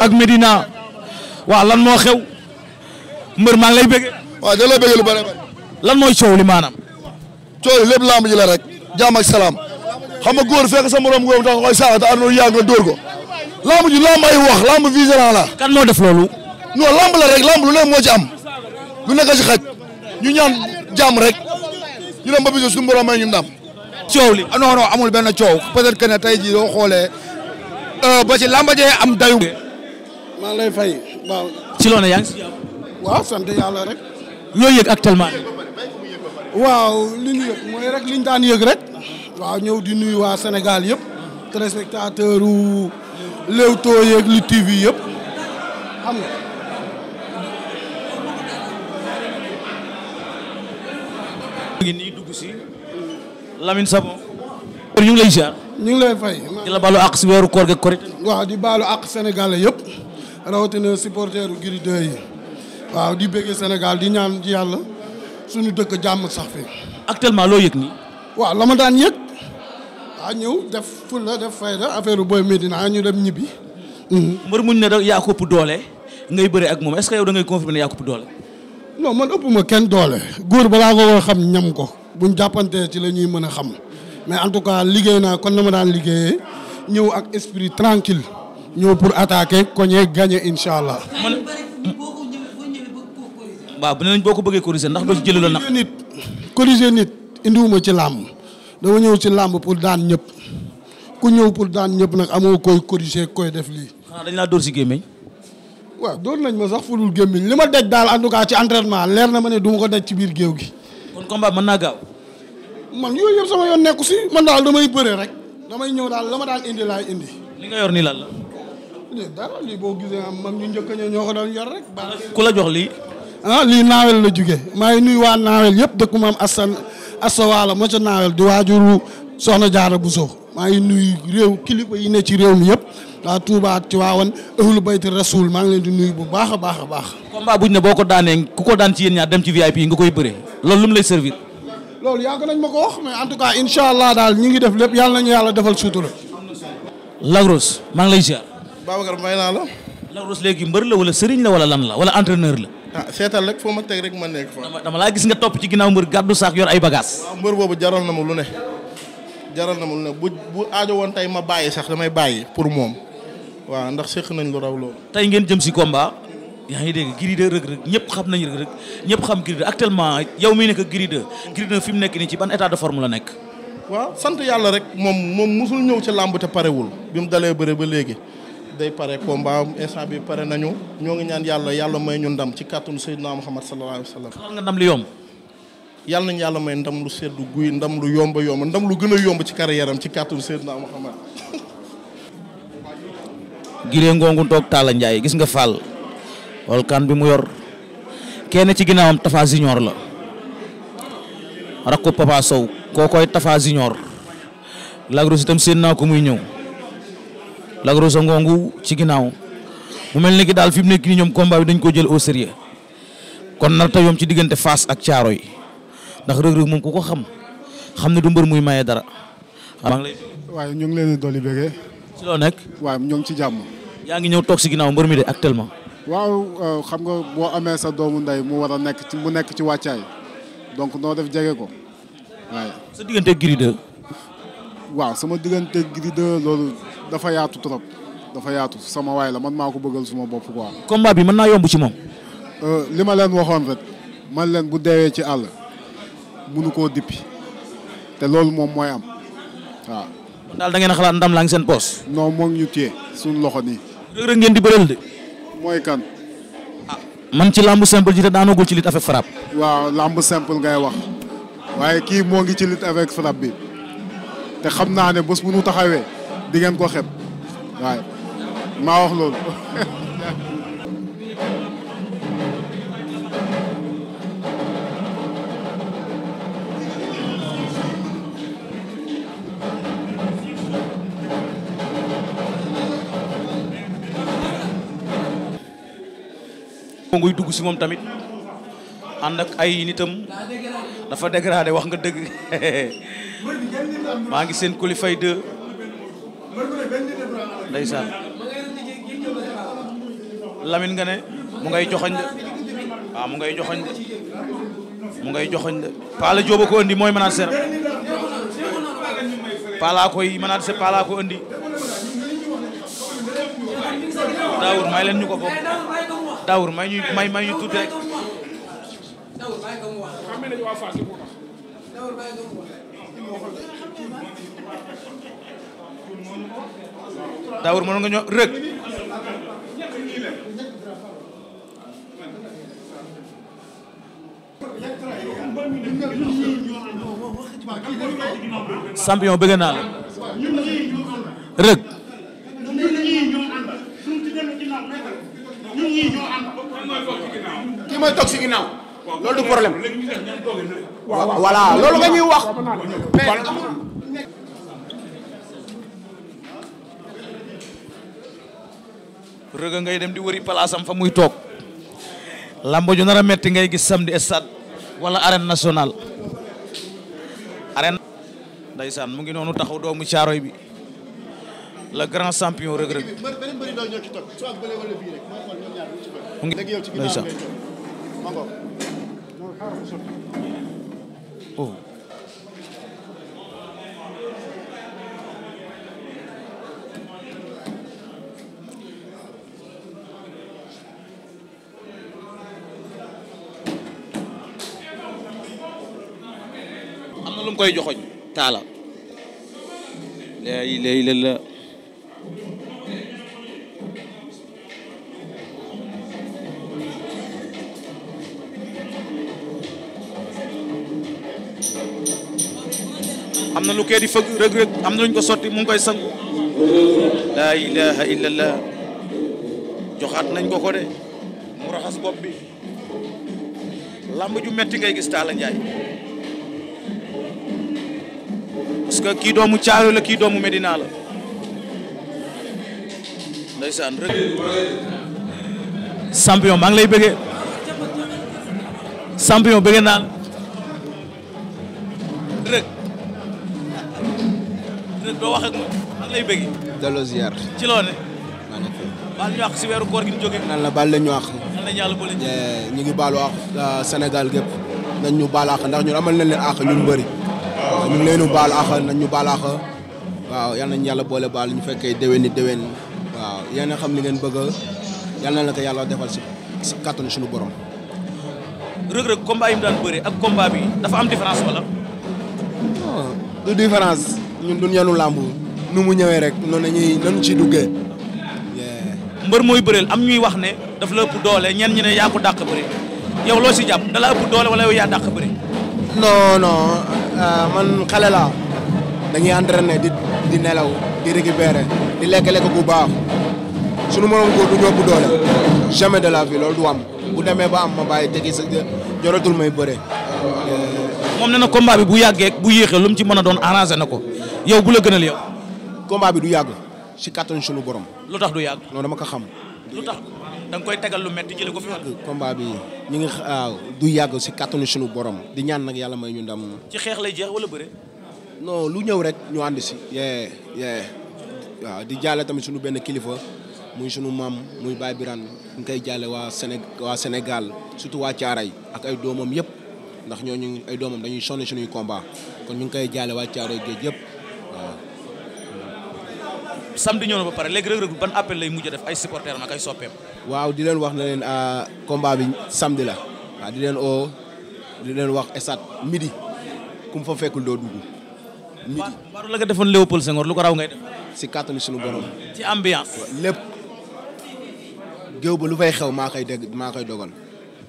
ak Medina waaw lan moo xew mbër maa ngi lay bëgg. waaw da la lu bëri lan mooy coow li maanaam. coow li lépp lamb la rek jaam ak salaam xam nga góor fekk sa morom góor tax koy saaga te àndoon yàgg nga dóor ko lamb ji lamb ay wax lamb la. kan moo def loolu. non lamb la lu ne moo ci am lu nekk ci xaj ñu ñaan jàmm rek ñu dem ba bisu suñu borom may ñu ndam. coow li ah, non amul benn coow peut-être que ne tey jii doo xoolee euh, ba ci lamb am dayu. maa lay fay waaw. ci loolu yaa ngi si jàmm. waaw sant yàlla rek. ñoo yëg actuellement. waaw li ñu yëg mooy rek li daan yëg rek. waaw ñëw di nuyu waa Sénégal yëpp. téléspectateur u Leewtoo yeeg lu TV yëpp xam na ngi nii dugg si Lamine Savon ñu lay ziar ñu ngi lay fay la baalu àq si weeru koor gi korit waaw di baalu àq Sénégalais yëpp rawatina supporteru Gris 2 yi waaw di bëggee Sénégal di ñaan ci yàlla suñu dëkk jàmm sax fi actuellement loo yëg nii waaw la ma daan yëg waa ah, ñëw def fulla def fayda affaire booy a ñu dem ñibbi mhm. mbër muñ ne da yaa ko ëpp doole ngay bëri ak moom est-ce que yow da ngay confirmer yaa ko ëpp doole non man ëpp ma kenn doole góor balaa ko xam ñam ko buñ jàppantee ci la ñuy mën a xam mais en tout cas liggéey naa kon na ma daan liggéeyee ñëw ak esprit tranquille ñëw pour attaquer cogner gagner incha allah. man waaw bu ne lañ boo ko bëggee corriger ndax doo ci jëlee loolu nag. nit corriger nit indiwuma ci làmb dama ñëw ci làmb pour daan ñëpp ku ñëw pour daan ñëpp nag amoo koy corriger koy def lii. xanaa dañ laa dóor si gémmiñ. waaw dóor nañ ma sax fulul gémmiñ li ma daj daal en tout cas ci entraînement leer na ma ne duma ko daj ci biir géew gi. kon combat mën naa gaaw. man yooyu yëpp sama yoon nekku si man daal damay bëre rek damay ñëw daal ma daal indi laay indi. li nga yor nii lan la. dara lii boo gisee mag ñu njëkk ñoo ko doon yor rek. ku la jox lii. ah lii naawel la jugee maa ngi nuyu waa naawel yëpp dëkk maam Assane Assawaala ma ca naawel di waajuru soxna Jaara Buso maa ngi nuyu réew kilifa yi ne ci réew mi yëpp waa Touba ci waawan ahlu bayti rasul maa ngi leen di nuyu bu baax a baax a baax. combat buñ ne boo ko daanee ku ko daan ci yéen ñaar dem ci VIP nga koy bëree lool lu mu lay servir. loolu yàgg nañ ma ko wax mais en tout cas incha allah daal ñi ngi def lépp yàlla nañu yàlla defal sutura. Lagros maa ngi lay ziar. Babacar may naa la. Lac léegi mbër la wala sëriñ la wala lan la wala entraîneur la. ah seetal rek foo ma teg rek ma nekk fa. dama laa gis nga topp ci ginnaaw mbër gàddu saak yor ay bagages. waaw mbër boobu jaral na ma lu ne. jaral na ma lu ne bu bu woon tey ma bàyyi sax damay bàyyi pour moom waaw ndax séq nañu lu raw loolu. tey ngeen jëm si combat. yaa ngi dégg Gris 2 Reug Reug ñëpp xam nañ Reug Reug ñëpp xam Gris 2 actuellement yow mi nekk Gris 2. Gris fi mu nekk nii ci ban état de forme la nekk. waaw sant yàlla rek moom moom musul ñëw ci làmb te parewul bi mu dalee ba léegi day pare combat am instant bi pare nañu ñoo ngi ñaan yàlla yàlla may ñu ndam ci kàttanu Seydina Muhammad sallallahu alayhi wa sallam. xalaat nga ndam lu yomb. yàlla nañu yàlla may ndam lu seddu guy ndam lu yomb yomb ndam lu gën a yomb ci carrière am ci kàttanu Seydina Muhammad. giree ngongu toog Talla Ndiaye gis nga Fall volcan bi mu yor kenn ci ginnaawam Tafa Junior la rakku Papa Sow koo koy Junior lagros itam seen naa ko muy ñëw. Lac Rose ci ginnaaw mu mel ni ki daal fi mu nekk nii ñoom combat bi dañ ko jël au sérieux kon nar ta yom ci diggante Fass ak Thiaroye ndax Reug Reug moom ku ko xam xam ne du mbër muy maye dara. maa waaye ñu ngi leen di dolli ci loo nekk. waaye ñoo ngi ci jàmm. yaa ngi ñëw toog si ginnaaw mbër mi de actuellement. waaw euh, xam nga boo amee sa doomu nday mu war a nekk ci mu nekk ci wàccaay donc noo def jege ko waaye. sa diggante Gris 2 waaw sama diggante Gris 2 loolu dafa yaatu trop dafa yaatu sama waay la man maa ko bëggal suma bopp quoi. combat bi mën naa yomb ci moom. Euh, li ma leen waxoon rek man leen bu deewee ci àll munu koo dippi te loolu moom mooy am waaw. kon daal da ngeen xalaat ndam laa ngi seen pos non moom ñu téye loxo nii. rëg ngeen di bëreel de. mooy kan. ah man ci lamb simple ji te daanagul ci lutte avec frappe. waaw làmb simple ngay wax waaye kii moo ngi ci lutte avec bi. te xam naa ne bés bu nu taxawee di ngeen ko xeb waaye maa wax loolu. nguy dugg si moom tamit ànd ak ay nitam dafa dégradé wax nga dëgg maa ngi seen kulifay deux ndeysaan Lamine nga ne mu ngay joxoñ de waaw mu ngay joxoñ de mu ngay ko andi mooy menacer Pala koy menacer ko andi Daawur may leen ñu ko bokk Daawur may ñu tuuti rek daawur mënoon nga ñoo rëg champion bëgg naa la rëg kii mooy toog si loolu du problème voilà loolu nga ñuy wax rëg ngay dem di wëri palaasam fa muy toog lamba ju nar a metti ngay gis samedi stade wala arène nationale arène ndaysaan mu ngi noonu taxaw doomu caaroy bi le grand champion Reug Reug mu ngi ndaysaan oh mu koy joxoñ taala am na lu kee di fëgg rëg rëg am na lu ko sotti mu ngi koy sangu laa ilaaha illallaah joxaat nañ ko ko de mu raxas bopp bi lamb ju metti ngay gis Talla Ndiaye parce que kii doomu Caaro la kii doomu Medina la ndeysaan ngi lay bëggee champion bëggee naan rek doo wax ak ma lay bëggee delloo ziar ci loo ne baal ñu àq si weeru koor gi ñu jógee nan la baal la ñu àq ñu ngi baalu àq euh, Sénégal gépp nañ ñu baal àq ndax ñun amal nañ leen àq ñun bëri ñu ngi leen baal axa nañ ñu baal axa waaw yal nañ yàlla boole baal ñu fekkee déwén ni déwén waaw yéen a xam li ngeen bëgg yal na la yàlla defal si si kàttanu suñu borom. Reug Reug combat daan bëre ak combat bi dafa am différence wala. du différence ñun duñ yanu làmb nu mu ñëwee rek noonu la ñuy nañu ciy duggee. mbër mooy bëreel am ñuy wax ne daf la ëpp doole ñen ñi yaa ko dàq bëri yow loo si jàpp da ëpp doole wala yow yaa dàq bëri. non non euh, man xale laa dañuy entraîner di di nelaw di récupérer di lekk-lekk bu baax sunu morom góor du doole jamais de la vie lool du am bu demee ba am ma bàyyi tegi sa joratul may bëre. Euh, moom ne na combat bi bu yàggee bu yéexee lu mu ci mën a doon arrangé na ko yow bu la gënal yow. combat bi du yàgg si kattan sunu borom. lu tax du yàgg. non dama ko xam. lu tax da koy tegal lu métti jëlee ko fi wàll. combat bi ñu ngi du yàgg si kàttanu suñu borom di ñaan nag yàlla may ñu ndam. ci xeex lay jeex wala bare non lu ñëw rek ñu ànd si. yee waaw di jaale tamit suñu benn kilifa muy sunu maam muy Baye Birane ñu koy jaale waa Séné waa Sénégal surtout waa Thiaray ak ay doomam yëpp ndax ñoo ñooñu ay doomam dañuy sonn suñuy komba kon ñu ngi koy jaale waa Thiaray géej yëpp waaw. samedi ñëw na ba pare léegi Reug Reug ban appel lay mujj def ay supporters ma kay soppeem. waaw di leen wax na leen ah, combat bi samedi la waaw ah, di leen oo di leen wax esat midi ku mu fa fekkul doo dugg. midi waaw la nga defoon Léopold Senghor lu ko raw ngay def. si kàttanu suñu borom. ci ambiance. lépp géew ba lu fay xew maa koy dégg maa koy dogal.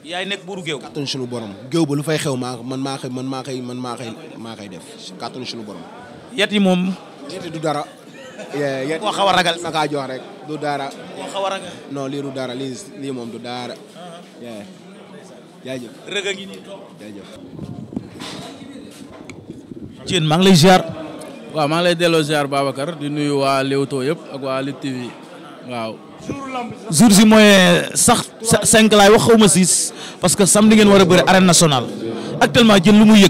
yaay nekk buuru géew. kàttanu suñu borom géew ba lu fay xew maa man maa koy man maa koy man maa koy maa koy def si kàttanu suñu borom. yet moom. yet du dara. yéen koo xaw a ragal na kaa jox du dara. koo dara lii lii moom du dara. Uh-huh. maa ngi lay ziar. maa ngi lay delloo Babacar di nuyu waa Leewtoo yëpp ak waa Lutte TV waaw. jour si mooy sax cinq laay wax xaw parce que samedi ngeen war a bëri arène nationale actuellement jën lu muy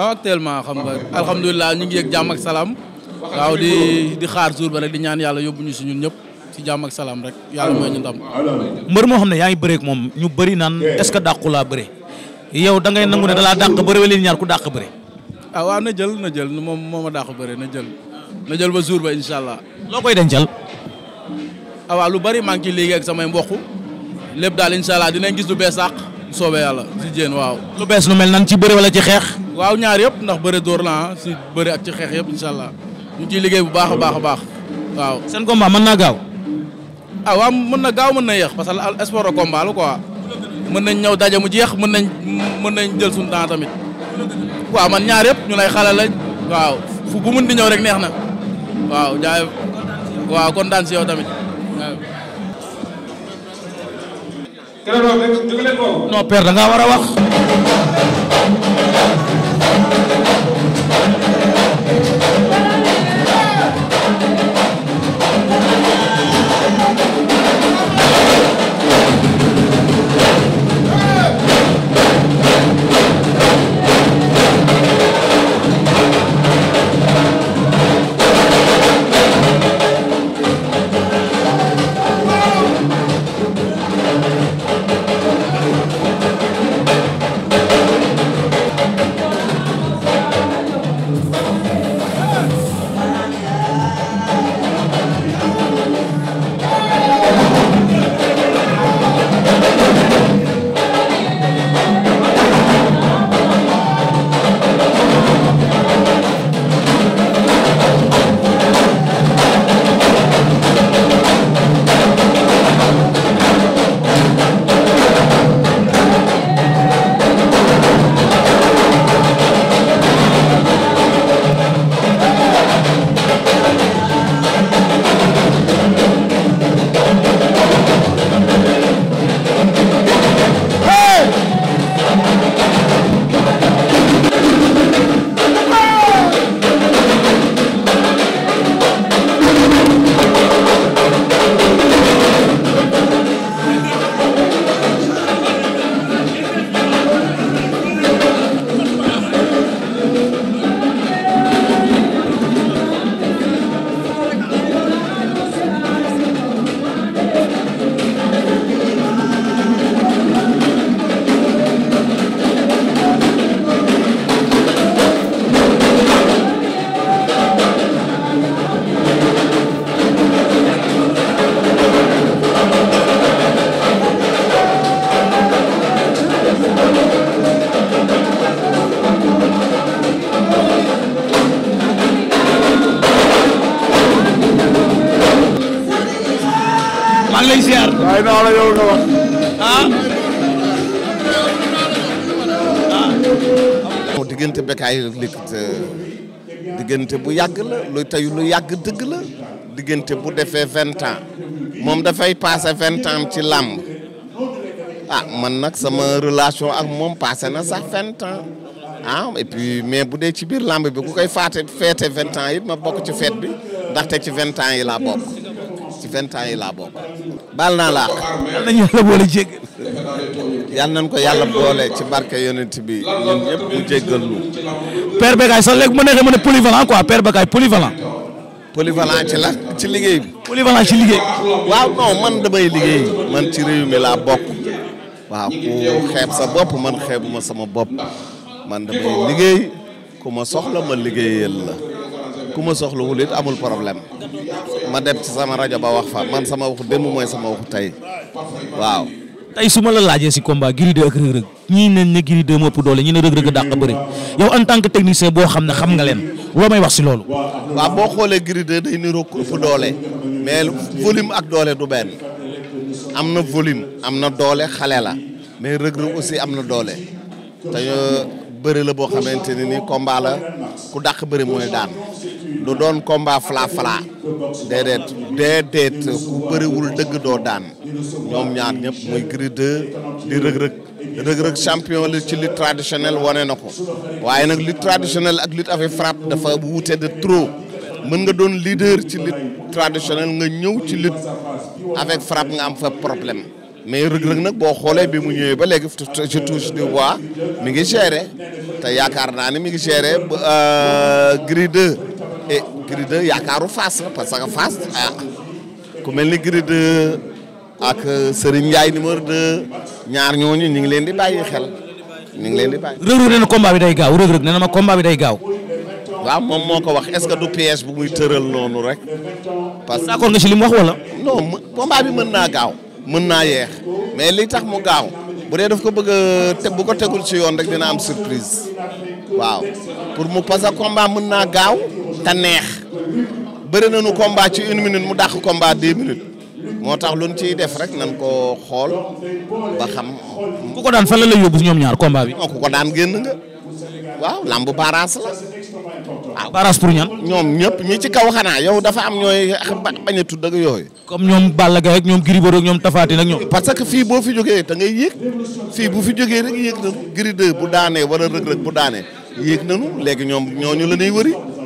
actuellement xam nga alhamdulilah ñu ngi yëg ak salaam. waaw di di xaar jour ba rek di ñaan yàlla yóbbu ñu si ñun ñëpp si jàmm ak salaam rek yàlla mooy ñu ndam. mbër moo xam ne yaa ngi bëreeg moom ñu bari naan est-ce que dàqu laa bëre yow da ngay nangu ne dalaa dàq bëre wala ñaar ku dàq bëre. ah waaw na jël na jël moom moo ma dàq bëre na jël na jël ba jour ba incha loo koy dencal. ah waaw lu bari maa ngi ciy liggéey ak samay mboq lépp daal incha allah dinañ gis lu bees sàq soobee yàlla si jéen waaw. lu bees lu mel nan ci bëre wala xeex. waaw ñaar yëpp ndax bëre door la si ñu ciy liggéey bu baax a baax a baax waaw. seen combat mën na gaaw. ah waaw mën na gaaw mën na yéex parce que sport de combat la quoi mën nañ ñëw daje mu jeex mën nañ mën nañ jël suñu temps tamit waaw man ñaar yëpp ñu lay xale lañ waaw fu bu mën di ñëw rek neex na waaw jaay waaw kontaan si yow tamit waaw. non père da war a wax. maa ah. Ah. diggante Bécaye Liss diggante bu yàgg la lu yàgg dëgg la diggante bu defee vingt ans moom dafay passé vingt ans ci làmb ah man nag sama relation ak moom passé na sax vingt ans ah et puis mais bu dee ci biir làmb bi ku koy faate feete vingt ans it ma bokk ci feet bi ndaxte ci vingt ans yi la bokk. ci vingt yi laa bokk. baal naa la yal boole jéggal. yal ko yàlla boole ci barke yonent bi ñun ñëpp mu jéggal lu. Père Bécaye sax léegi mu neexee mu ne polyvalent quoi Père Bécaye polyvalent. polyvalent ci la ci liggéey bi. polyvalent ci liggéey. waaw non man damay liggéey man ci réew mi laa bokk. waaw ku xeeb sa bopp man xeebuma sama bopp man damay liggéey ku ma soxla ma liggéeyal la. ku ma soxlawul it amul problème ma dem sama rajo ba wax fa man sama waxu démb mooy sama waxu tey waaw. tey su ma la laajee si combat Gris 2 ak Reug Reug ñii ne Gris 2 moo ëpp doole ñi ne Reug Reug dàq bëri yow en que technicien boo xam ne xam nga leen loo may wax si loolu. waaw boo xoolee Gris 2 day niroog doole mais volume ak doole du benn am na volume am na doole xale la mais Reug aussi am na doole euh, bëri la boo xamante ne ni combat la bëri mooy daan. du doon combat fla-fla déedéet déedéet ku bëriwul dëgg doo daan ñoom ñaar ñëpp muy Gris 2 di rëg-rëg champion ci lutte traditionnelle wane na ko waaye nag lutte traditionnelle ak lutte avec frappe dafa wuute de trop mën nga doon leader ci lutte traditionnelle nga ñëw ci lutte avec frappe nga am fa problème mais rëg-rëg nag boo xoolee bi mu ñëwee ba léegi je touche du bois mi ngi géré te yaakaar naa ne mi ngi géré euh, Gris 2 et eh, Gris 2 yaakaaru Fass la parce que Fass ah. ku mel ni Gris 2 ak euh, Serigne Ndiaye numéro 2 ñaar ñooñu ñu ngi leen di bàyyi xel ñu ngi leen di bàyyi. Reug Reug na combat bi day gaaw Reug Reug nee na ma combat bi day gaaw. am moom moo ko wax est-ce que du piège bu muy tëral noonu rek. parce que d'accord nga ci li mu wax wala. non combat bi mën naa gaaw. mën naa yeex mais li tax mu gaaw bu dee daf ko bëgg a te ko tegul ci yoon rek dina am surprise waaw pour mu parce que mën naa gaaw. te neex bëri nañu combat ci une minute mu dàq combat deux minutes moo tax lu ciy def rek nan ko xool ba xam. ku ko daan fan la lay yóbbu ñoom ñaar combat bi. ku ko daan génn nga waaw lambu barrage la. waaw ah, barrage pour ñan. ñoom ñëpp ñi ci kaw xanaa yow dafa am ñooy bañ a tudd ak yooyu. comme ñoom Balla Gaye ak ñoom Gris ñoom Tapha Tine ak ñoom. parce que fii boo fi jógee ta ngay yéeg fii bu fi jógee rek yéeg na Gris 2 bu daanee wala Reug Reug bu daanee yéeg nañu léegi ñoom ñooñu la ñuy wëri.